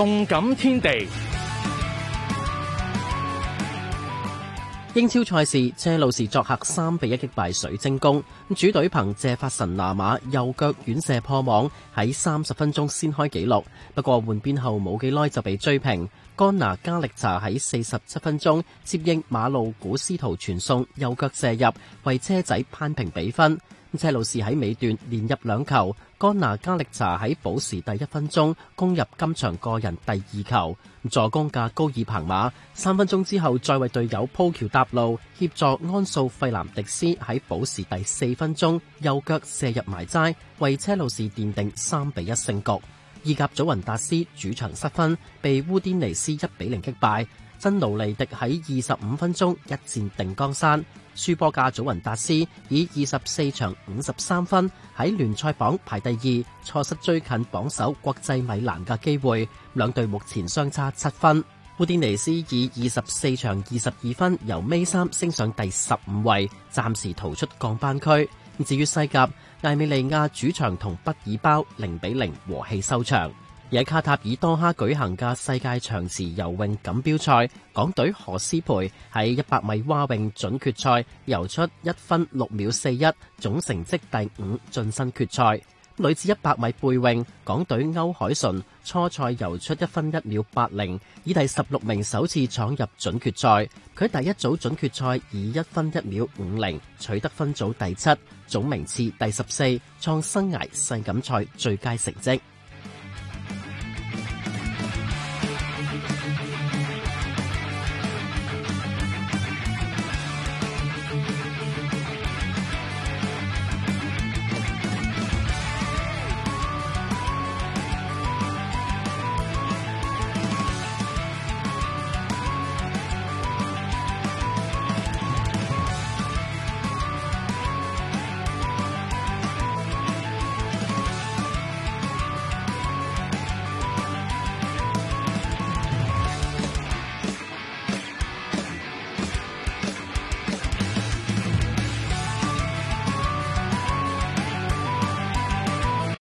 動感天地英超賽事，車路士作客三比一擊敗水晶宮。主隊憑借法神拿馬右腳遠射破網，喺三十分鐘先開紀錄。不過換邊後冇幾耐就被追平。干拿加力查喺四十七分鐘接應馬路古斯圖傳送右腳射入，為車仔扳平比分。車路士喺尾段連入兩球，干拿加力查喺補時第一分鐘攻入今場個人第二球，助攻嘅高爾彭馬。三分鐘之後再為隊友鋪橋搭路，協助安素費南迪斯喺補時第四分鐘右腳射入埋齋，為車路士奠定三比一勝局。意甲祖雲達斯主場失分，被烏甸尼斯一比零擊敗。真奴利迪喺二十五分鐘一戰定江山，輸波架祖雲達斯以二十四場五十三分喺聯賽榜排第二，錯失追近榜首國際米蘭嘅機會。兩隊目前相差七分。烏甸尼斯以二十四場二十二分由尾三升上第十五位，暫時逃出降班區。至於西甲，艾美利亞主場同畢爾包零比零和氣收場。喺卡塔爾多哈舉行嘅世界長池游泳錦標賽，港隊何詩蓓喺一百米蛙泳準決賽游出一分六秒四一，總成績第五，晉身決賽。女子一百米背泳，港隊歐鎧淳初賽游出一分一秒八零，以第十六名首次闖入準決賽。佢喺第一組準決賽以一分一秒五零取得分組第七，總名次第十四，創生涯世錦賽最佳成績。